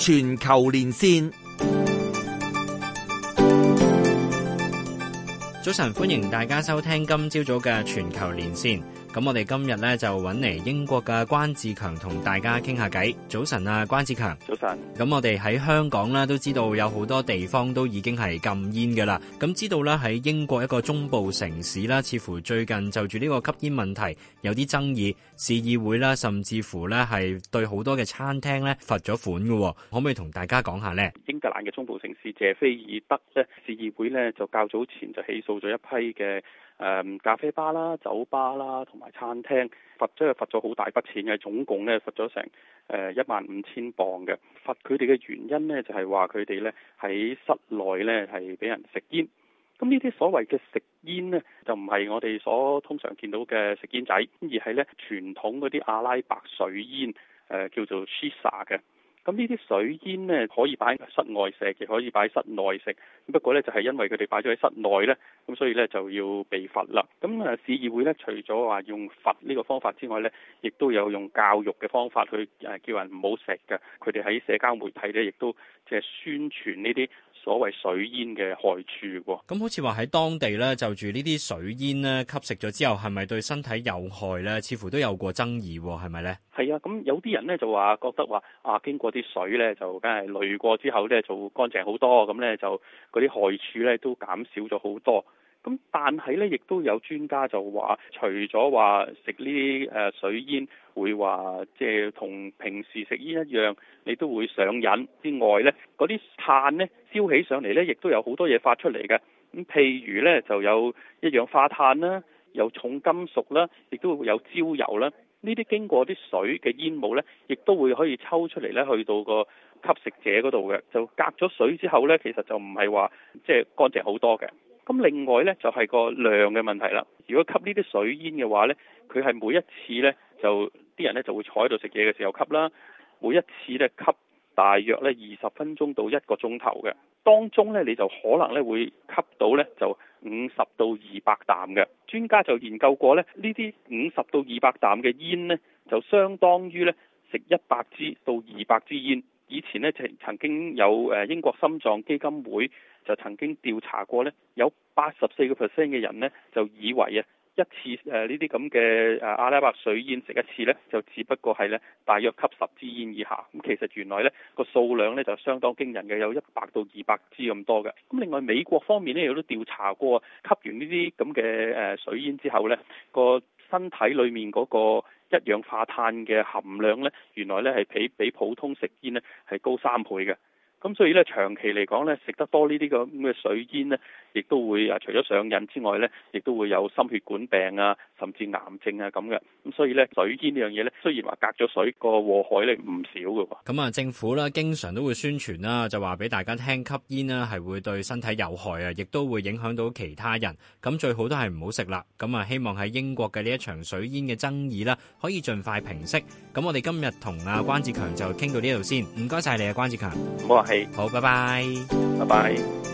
全球連線，早晨，歡迎大家收聽今朝早嘅全球連線。咁我哋今日咧就揾嚟英國嘅關志強同大家傾下偈。早晨啊，關志強，早晨。咁我哋喺香港啦，都知道有好多地方都已經係禁煙噶啦。咁、嗯、知道啦，喺英國一個中部城市啦，似乎最近就住呢個吸煙問題有啲爭議，市議會啦，甚至乎呢係對好多嘅餐廳呢罰咗款嘅。可唔可以同大家講下呢？英格蘭嘅中部城市謝菲爾德呢，市議會呢，就較早前就起訴咗一批嘅。誒咖啡吧啦、酒吧啦，同埋餐廳罰，即係罰咗好大筆錢嘅，總共咧罰咗成誒一萬五千磅嘅。罰佢哋嘅原因咧，就係話佢哋咧喺室內咧係俾人食煙。咁呢啲所謂嘅食煙咧，就唔係我哋所通常見到嘅食煙仔，而係咧傳統嗰啲阿拉伯水煙，誒叫做 shisha 嘅。咁呢啲水煙呢，可以擺室外食，亦可以擺室內食。不過呢，就係因為佢哋擺咗喺室內呢，咁所以呢，就要被罰啦。咁啊，市議會呢，除咗話用罰呢個方法之外呢，亦都有用教育嘅方法去誒叫人唔好食㗎。佢哋喺社交媒體呢，亦都嘅宣傳呢啲所謂水煙嘅害處喎，咁好似話喺當地咧就住呢啲水煙咧吸食咗之後，係咪對身體有害咧？似乎都有過爭議喎，係咪咧？係啊，咁有啲人咧就話覺得話啊，經過啲水咧就梗係濾過之後咧就乾淨好多，咁咧就嗰啲害處咧都減少咗好多。咁，但係咧，亦都有專家就話，除咗話食呢啲誒水煙會話，即係同平時食煙一樣，你都會上癮之外咧，嗰啲碳咧燒起上嚟咧，亦都有好多嘢發出嚟嘅。咁，譬如咧就有一氧化碳啦，有重金屬啦，亦都會有焦油啦。呢啲經過啲水嘅煙霧咧，亦都會可以抽出嚟咧，去到個吸食者嗰度嘅，就隔咗水之後咧，其實就唔係話即係乾淨好多嘅。咁另外呢，就係個量嘅問題啦。如果吸呢啲水煙嘅話呢，佢係每一次呢，就啲人呢就會坐喺度食嘢嘅時候吸啦。每一次呢，吸大約呢二十分鐘到一個鐘頭嘅，當中呢，你就可能呢會吸到呢就五十到二百啖嘅。專家就研究過呢，呢啲五十到二百啖嘅煙呢，就相當於呢食一百支到二百支煙。以前咧，曾曾經有誒英國心臟基金會就曾經調查過咧，有八十四個 percent 嘅人咧就以為啊，一次誒呢啲咁嘅誒阿拉伯水煙食一次咧，就只不過係咧大約吸十支煙以下。咁其實原來咧個數量咧就相當驚人嘅，有一百到二百支咁多嘅。咁另外美國方面咧亦都調查過，吸完呢啲咁嘅誒水煙之後咧個身體裏面嗰個一氧化碳嘅含量呢，原來呢係比比普通食煙呢係高三倍嘅。咁所以咧，長期嚟講咧，食得多呢啲咁嘅水煙咧，亦都會啊，除咗上癮之外咧，亦都會有心血管病啊，甚至癌症啊咁嘅。咁所以咧，水煙呢樣嘢咧，雖然話隔咗水個禍害力唔少噶、啊。咁啊，政府啦，經常都會宣傳啦、啊，就話俾大家聽，吸煙咧係會對身體有害啊，亦都會影響到其他人。咁最好都係唔好食啦。咁啊，希望喺英國嘅呢一場水煙嘅爭議啦，可以盡快平息。咁我哋今日同啊關志強就傾到呢度先。唔該晒你啊，關志強。冇啊。好，拜拜，拜拜。